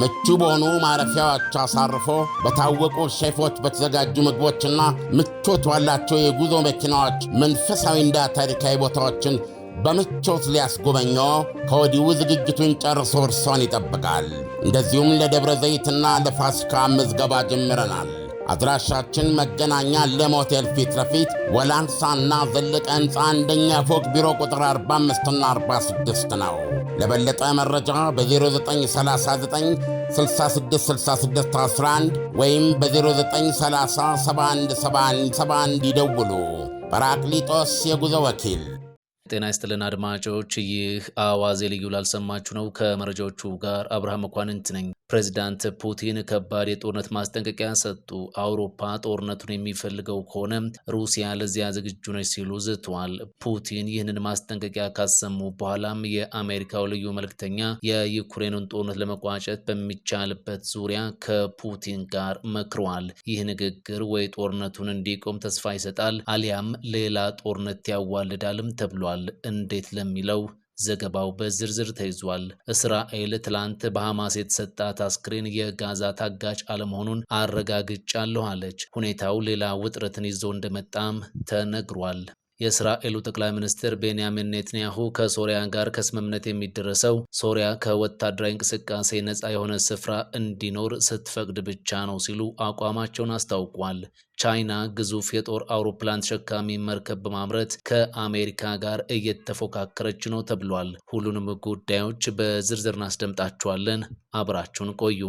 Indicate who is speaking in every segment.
Speaker 1: ምቹ በሆኑ ማረፊያዎች አሳርፎ በታወቁ ሼፎች በተዘጋጁ ምግቦችና ምቾት ባላቸው የጉዞ መኪናዎች መንፈሳዊና ታሪካዊ ቦታዎችን በምቾት ሊያስጎበኞ ከወዲሁ ዝግጅቱን ጨርሶ እርሶን ይጠብቃል። እንደዚሁም ለደብረ ዘይትና ለፋሲካ ምዝገባ ጀምረናል። አድራሻችን መገናኛ ለሞቴል ፊት ለፊት ወላንሳና ዘለቀ ሕንፃ አንደኛ ፎቅ ቢሮ ቁጥር 45ና 46 ነው። ለበለጠ መረጃ በ0939666611 ወይም በ 0931717171 ይደውሉ። ጰራቅሊጦስ የጉዞ ወኪል።
Speaker 2: ጤና ይስጥልን አድማጮች፣ ይህ አዋዜ ልዩ ላልሰማችሁ ነው። ከመረጃዎቹ ጋር አብርሃም መኳንንት ነኝ። ፕሬዚዳንት ፑቲን ከባድ የጦርነት ማስጠንቀቂያ ሰጡ። አውሮፓ ጦርነቱን የሚፈልገው ከሆነ ሩሲያ ለዚያ ዝግጁ ነች ሲሉ ዝተዋል። ፑቲን ይህንን ማስጠንቀቂያ ካሰሙ በኋላም የአሜሪካው ልዩ መልክተኛ የዩክሬኑን ጦርነት ለመቋጨት በሚቻልበት ዙሪያ ከፑቲን ጋር መክረዋል። ይህ ንግግር ወይ ጦርነቱን እንዲቆም ተስፋ ይሰጣል፣ አሊያም ሌላ ጦርነት ያዋልዳልም ተብሏል። እንዴት ለሚለው ዘገባው በዝርዝር ተይዟል። እስራኤል ትላንት በሐማስ የተሰጣት አስክሬን የጋዛ ታጋች አለመሆኑን አረጋግጫለሁ አለች። ሁኔታው ሌላ ውጥረትን ይዞ እንደመጣም ተነግሯል። የእስራኤሉ ጠቅላይ ሚኒስትር ቤንያሚን ኔትንያሁ ከሶሪያ ጋር ከስምምነት የሚደረሰው ሶሪያ ከወታደራዊ እንቅስቃሴ ነጻ የሆነ ስፍራ እንዲኖር ስትፈቅድ ብቻ ነው ሲሉ አቋማቸውን አስታውቋል። ቻይና ግዙፍ የጦር አውሮፕላን ተሸካሚ መርከብ በማምረት ከአሜሪካ ጋር እየተፎካከረች ነው ተብሏል። ሁሉንም ጉዳዮች በዝርዝር እናስደምጣችኋለን። አብራችሁን ቆዩ።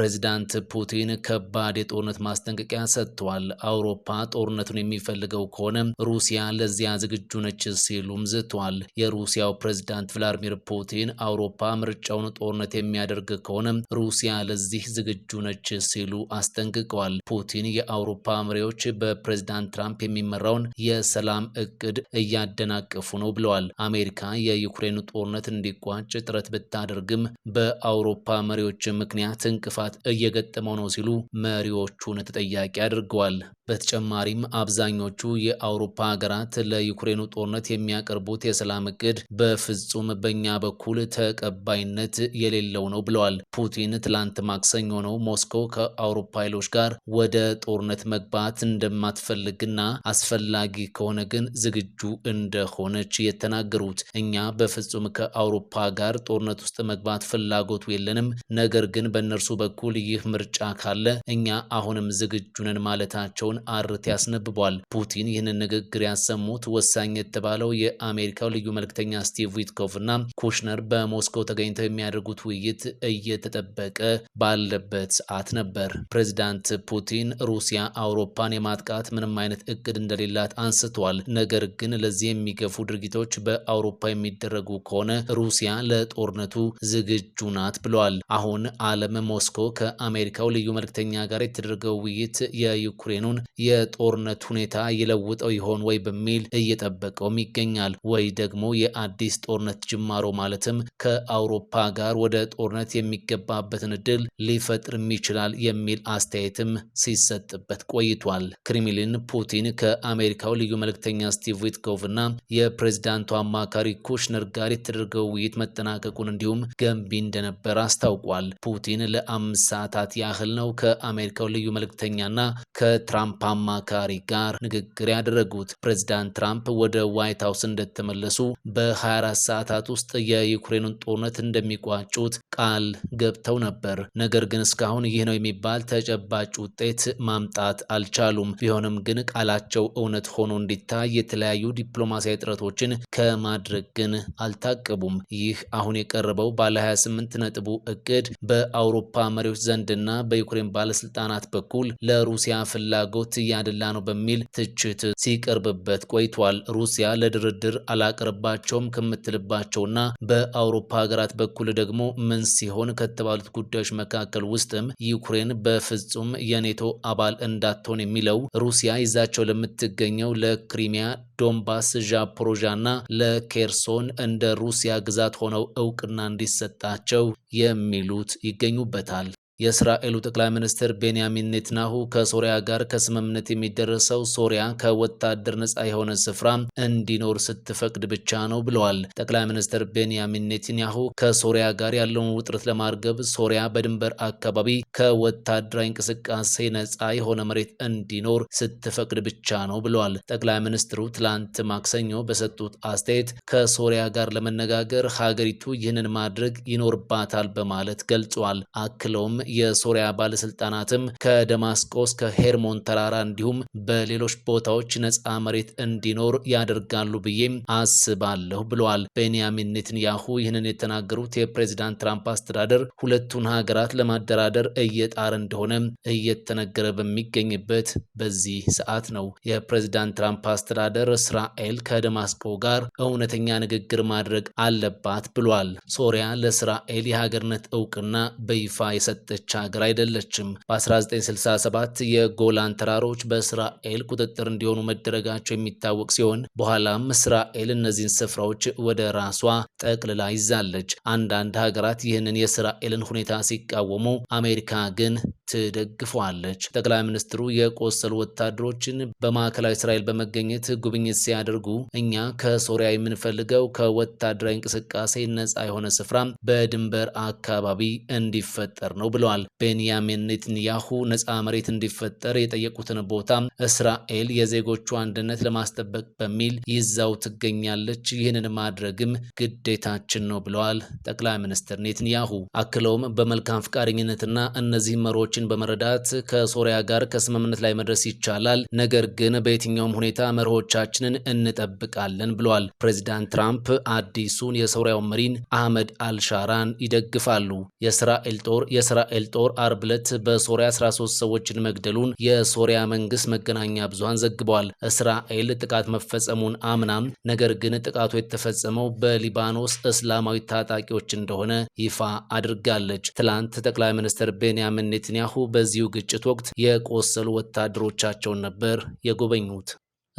Speaker 2: ፕሬዚዳንት ፑቲን ከባድ የጦርነት ማስጠንቀቂያ ሰጥተዋል። አውሮፓ ጦርነቱን የሚፈልገው ከሆነ ሩሲያ ለዚያ ዝግጁ ነች ሲሉም ዝቷል። የሩሲያው ፕሬዚዳንት ቭላድሚር ፑቲን አውሮፓ ምርጫውን ጦርነት የሚያደርግ ከሆነ ሩሲያ ለዚህ ዝግጁ ነች ሲሉ አስጠንቅቀዋል። ፑቲን የአውሮፓ መሪዎች በፕሬዚዳንት ትራምፕ የሚመራውን የሰላም እቅድ እያደናቀፉ ነው ብለዋል። አሜሪካ የዩክሬን ጦርነት እንዲቋጭ ጥረት ብታደርግም በአውሮፓ መሪዎች ምክንያት እንቅፋት መጥፋት እየገጠመው ነው ሲሉ መሪዎቹን ተጠያቂ አድርገዋል። በተጨማሪም አብዛኞቹ የአውሮፓ ሀገራት ለዩክሬኑ ጦርነት የሚያቀርቡት የሰላም እቅድ በፍጹም በእኛ በኩል ተቀባይነት የሌለው ነው ብለዋል። ፑቲን ትላንት ማክሰኞ ነው ሞስኮ ከአውሮፓ ኃይሎች ጋር ወደ ጦርነት መግባት እንደማትፈልግና አስፈላጊ ከሆነ ግን ዝግጁ እንደሆነች የተናገሩት። እኛ በፍጹም ከአውሮፓ ጋር ጦርነት ውስጥ መግባት ፍላጎቱ የለንም፣ ነገር ግን በእነርሱ በ በኩል ይህ ምርጫ ካለ እኛ አሁንም ዝግጁ ነን ማለታቸውን አርት ያስነብቧል። ፑቲን ይህንን ንግግር ያሰሙት ወሳኝ የተባለው የአሜሪካው ልዩ መልክተኛ ስቲቭ ዊትኮቭ እና ኩሽነር በሞስኮ ተገኝተው የሚያደርጉት ውይይት እየተጠበቀ ባለበት ሰዓት ነበር። ፕሬዚዳንት ፑቲን ሩሲያ አውሮፓን የማጥቃት ምንም አይነት እቅድ እንደሌላት አንስተዋል። ነገር ግን ለዚህ የሚገፉ ድርጊቶች በአውሮፓ የሚደረጉ ከሆነ ሩሲያ ለጦርነቱ ዝግጁ ናት ብለዋል። አሁን ዓለም ሞስኮ ሞስኮ ከአሜሪካው ልዩ መልክተኛ ጋር የተደረገው ውይይት የዩክሬኑን የጦርነት ሁኔታ ይለውጠው ይሆን ወይ በሚል እየጠበቀውም ይገኛል። ወይ ደግሞ የአዲስ ጦርነት ጅማሮ ማለትም ከአውሮፓ ጋር ወደ ጦርነት የሚገባበትን እድል ሊፈጥርም ይችላል የሚል አስተያየትም ሲሰጥበት ቆይቷል። ክሪምሊን ፑቲን ከአሜሪካው ልዩ መልክተኛ ስቲቭ ዊትኮቭ እና የፕሬዚዳንቱ አማካሪ ኩሽነር ጋር የተደረገው ውይይት መጠናቀቁን እንዲሁም ገንቢ እንደነበር አስታውቋል። ፑቲን ለአ አምስት ሰዓታት ያህል ነው ከአሜሪካው ልዩ መልእክተኛና ከትራምፕ አማካሪ ጋር ንግግር ያደረጉት። ፕሬዚዳንት ትራምፕ ወደ ዋይት ሀውስ እንደተመለሱ በ24 ሰዓታት ውስጥ የዩክሬኑን ጦርነት እንደሚቋጩት ቃል ገብተው ነበር። ነገር ግን እስካሁን ይህ ነው የሚባል ተጨባጭ ውጤት ማምጣት አልቻሉም። ቢሆንም ግን ቃላቸው እውነት ሆኖ እንዲታይ የተለያዩ ዲፕሎማሲያዊ ጥረቶችን ከማድረግ ግን አልታቀቡም። ይህ አሁን የቀረበው ባለ 28 ነጥቡ እቅድ በአውሮፓ መሪዎች ዘንድና በዩክሬን ባለስልጣናት በኩል ለሩሲያ ፍላጎት እያደላ ነው በሚል ትችት ሲቀርብበት ቆይቷል። ሩሲያ ለድርድር አላቀርባቸውም ከምትልባቸውና በአውሮፓ ሀገራት በኩል ደግሞ ምን ሲሆን ከተባሉት ጉዳዮች መካከል ውስጥም ዩክሬን በፍጹም የኔቶ አባል እንዳትሆን የሚለው ሩሲያ ይዛቸው ለምትገኘው ለክሪሚያ ዶንባስ፣ ዣፖሮዣ እና ለኬርሶን እንደ ሩሲያ ግዛት ሆነው እውቅና እንዲሰጣቸው የሚሉት ይገኙበታል። የእስራኤሉ ጠቅላይ ሚኒስትር ቤንያሚን ኔትናሁ ከሶሪያ ጋር ከስምምነት የሚደረሰው ሶሪያ ከወታደር ነፃ የሆነ ስፍራ እንዲኖር ስትፈቅድ ብቻ ነው ብለዋል። ጠቅላይ ሚኒስትር ቤንያሚን ኔትንያሁ ከሶሪያ ጋር ያለውን ውጥረት ለማርገብ ሶሪያ በድንበር አካባቢ ከወታደራዊ እንቅስቃሴ ነፃ የሆነ መሬት እንዲኖር ስትፈቅድ ብቻ ነው ብለዋል። ጠቅላይ ሚኒስትሩ ትላንት ማክሰኞ በሰጡት አስተያየት ከሶሪያ ጋር ለመነጋገር ሀገሪቱ ይህንን ማድረግ ይኖርባታል በማለት ገልጿል። አክለውም የሶሪያ ባለስልጣናትም ከደማስቆ እስከ ሄርሞን ተራራ እንዲሁም በሌሎች ቦታዎች ነፃ መሬት እንዲኖር ያደርጋሉ ብዬም አስባለሁ ብለዋል። ቤንያሚን ኔትንያሁ ይህንን የተናገሩት የፕሬዚዳንት ትራምፕ አስተዳደር ሁለቱን ሀገራት ለማደራደር እየጣር እንደሆነ እየተነገረ በሚገኝበት በዚህ ሰዓት ነው። የፕሬዚዳንት ትራምፕ አስተዳደር እስራኤል ከደማስቆ ጋር እውነተኛ ንግግር ማድረግ አለባት ብሏል። ሶሪያ ለእስራኤል የሀገርነት እውቅና በይፋ የሰጠች ያለች ሀገር አይደለችም። በ1967 የጎላን ተራሮች በእስራኤል ቁጥጥር እንዲሆኑ መደረጋቸው የሚታወቅ ሲሆን በኋላም እስራኤል እነዚህን ስፍራዎች ወደ ራሷ ጠቅልላ ይዛለች። አንዳንድ ሀገራት ይህንን የእስራኤልን ሁኔታ ሲቃወሙ፣ አሜሪካ ግን ትደግፈዋለች። ጠቅላይ ሚኒስትሩ የቆሰሉ ወታደሮችን በማዕከላዊ እስራኤል በመገኘት ጉብኝት ሲያደርጉ እኛ ከሶሪያ የምንፈልገው ከወታደራዊ እንቅስቃሴ ነጻ የሆነ ስፍራ በድንበር አካባቢ እንዲፈጠር ነው ብለዋል። ቤንያሚን ኔትንያሁ ነጻ መሬት እንዲፈጠር የጠየቁትን ቦታ እስራኤል የዜጎቹ አንድነት ለማስጠበቅ በሚል ይዛው ትገኛለች። ይህንን ማድረግም ግዴታችን ነው ብለዋል ጠቅላይ ሚኒስትር ኔትንያሁ። አክለውም በመልካም ፈቃደኝነትና እነዚህ መሮች ሁኔታዎችን በመረዳት ከሶሪያ ጋር ከስምምነት ላይ መድረስ ይቻላል፣ ነገር ግን በየትኛውም ሁኔታ መርሆቻችንን እንጠብቃለን ብለዋል። ፕሬዚዳንት ትራምፕ አዲሱን የሶሪያው መሪን አህመድ አልሻራን ይደግፋሉ። የእስራኤል ጦር የእስራኤል ጦር አርብ ዕለት በሶሪያ 13 ሰዎችን መግደሉን የሶሪያ መንግስት መገናኛ ብዙሃን ዘግበዋል። እስራኤል ጥቃት መፈጸሙን አምናም፣ ነገር ግን ጥቃቱ የተፈጸመው በሊባኖስ እስላማዊ ታጣቂዎች እንደሆነ ይፋ አድርጋለች። ትላንት ጠቅላይ ሚኒስትር ቤንያሚን ኔትንያ ኔታንያሁ በዚሁ ግጭት ወቅት የቆሰሉ ወታደሮቻቸውን ነበር የጎበኙት።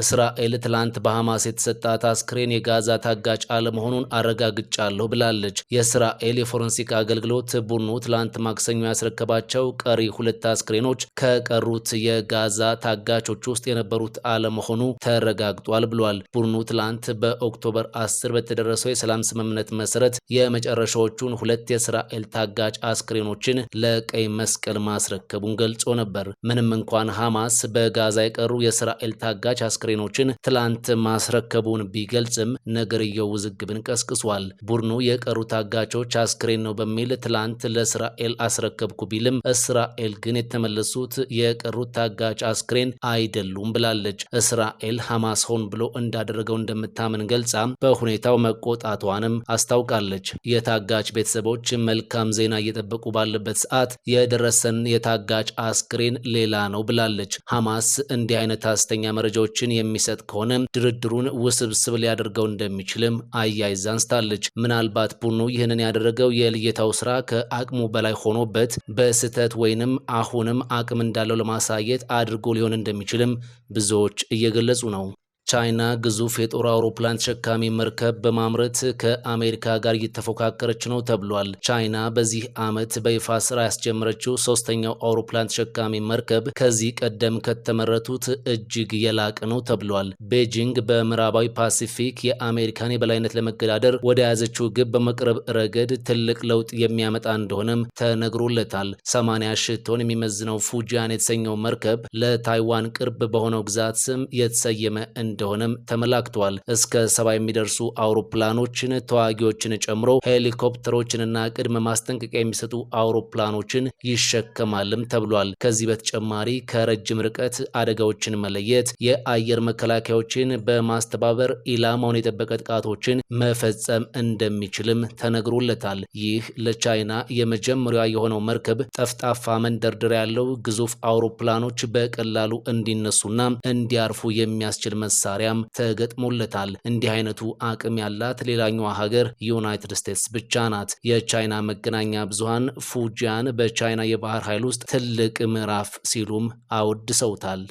Speaker 2: እስራኤል ትላንት በሐማስ የተሰጣት አስክሬን የጋዛ ታጋጭ አለመሆኑን አረጋግጫለሁ ብላለች። የእስራኤል የፎረንሲክ አገልግሎት ቡድኑ ትላንት ማክሰኞ ያስረከባቸው ቀሪ ሁለት አስክሬኖች ከቀሩት የጋዛ ታጋቾች ውስጥ የነበሩት አለመሆኑ ተረጋግጧል ብሏል። ቡድኑ ትላንት በኦክቶበር 10 በተደረሰው የሰላም ስምምነት መሰረት የመጨረሻዎቹን ሁለት የእስራኤል ታጋጭ አስክሬኖችን ለቀይ መስቀል ማስረከቡን ገልጾ ነበር። ምንም እንኳን ሐማስ በጋዛ የቀሩ የእስራኤል ታጋጭ አስክሬኖችን ትላንት ማስረከቡን ቢገልጽም ነገርየው ውዝግብን ቀስቅሷል። ቡድኑ የቀሩ ታጋቾች አስክሬን ነው በሚል ትላንት ለእስራኤል አስረከብኩ ቢልም እስራኤል ግን የተመለሱት የቀሩት ታጋች አስክሬን አይደሉም ብላለች። እስራኤል ሐማስ ሆን ብሎ እንዳደረገው እንደምታምን ገልጻ በሁኔታው መቆጣቷንም አስታውቃለች። የታጋች ቤተሰቦች መልካም ዜና እየጠበቁ ባለበት ሰዓት የደረሰን የታጋች አስክሬን ሌላ ነው ብላለች። ሐማስ እንዲህ አይነት አስተኛ መረጃዎችን መፍትሄን የሚሰጥ ከሆነ ድርድሩን ውስብስብ ሊያደርገው እንደሚችልም አያይዛ አንስታለች። ምናልባት ቡድኑ ይህንን ያደረገው የልየታው ስራ ከአቅሙ በላይ ሆኖበት በስህተት ወይንም አሁንም አቅም እንዳለው ለማሳየት አድርጎ ሊሆን እንደሚችልም ብዙዎች እየገለጹ ነው። ቻይና ግዙፍ የጦር አውሮፕላን ተሸካሚ መርከብ በማምረት ከአሜሪካ ጋር እየተፎካከረች ነው ተብሏል። ቻይና በዚህ ዓመት በይፋ ስራ ያስጀመረችው ሶስተኛው አውሮፕላን ተሸካሚ መርከብ ከዚህ ቀደም ከተመረቱት እጅግ የላቀ ነው ተብሏል። ቤጂንግ በምዕራባዊ ፓሲፊክ የአሜሪካን የበላይነት ለመገዳደር ወደ ያዘችው ግብ በመቅረብ ረገድ ትልቅ ለውጥ የሚያመጣ እንደሆነም ተነግሮለታል። 80 ሽቶን ቶን የሚመዝነው ፉጂያን የተሰኘው መርከብ ለታይዋን ቅርብ በሆነው ግዛት ስም የተሰየመ እንደ እንደሆነም ተመላክቷል። እስከ ሰባ የሚደርሱ አውሮፕላኖችን ተዋጊዎችን ጨምሮ ሄሊኮፕተሮችንና ቅድመ ማስጠንቀቂያ የሚሰጡ አውሮፕላኖችን ይሸከማልም ተብሏል። ከዚህ በተጨማሪ ከረጅም ርቀት አደጋዎችን መለየት፣ የአየር መከላከያዎችን በማስተባበር ኢላማውን የጠበቀ ጥቃቶችን መፈጸም እንደሚችልም ተነግሮለታል። ይህ ለቻይና የመጀመሪያ የሆነው መርከብ ጠፍጣፋ መንደርደሪያ ያለው ግዙፍ አውሮፕላኖች በቀላሉ እንዲነሱና እንዲያርፉ የሚያስችል መሳ መሳሪያም ተገጥሞለታል። እንዲህ አይነቱ አቅም ያላት ሌላኛዋ ሀገር ዩናይትድ ስቴትስ ብቻ ናት። የቻይና መገናኛ ብዙሃን ፉጂያን በቻይና የባህር ኃይል ውስጥ ትልቅ ምዕራፍ ሲሉም አወድሰውታል።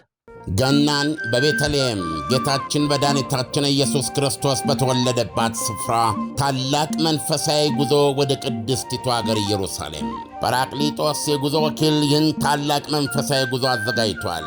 Speaker 1: ገናን በቤተልሔም ጌታችን መድኃኒታችን ኢየሱስ ክርስቶስ በተወለደባት ስፍራ ታላቅ መንፈሳዊ ጉዞ ወደ ቅድስቲቱ አገር ኢየሩሳሌም ጰራቅሊጦስ የጉዞ ወኪል ይህን ታላቅ መንፈሳዊ ጉዞ አዘጋጅቷል።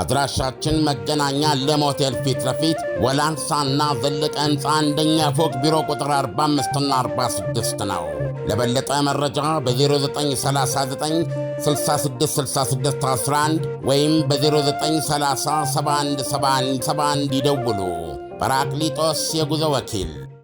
Speaker 1: አድራሻችን መገናኛ ለም ሆቴል ፊት ለፊት ወላንሳና ዘለቀ ህንፃ አንደኛ ፎቅ ቢሮ ቁጥር 45ና 46 ነው። ለበለጠ መረጃ በ0939666611 ወይም በ0930717171 ይደውሉ። ጰራቅሊጦስ የጉዞ ወኪል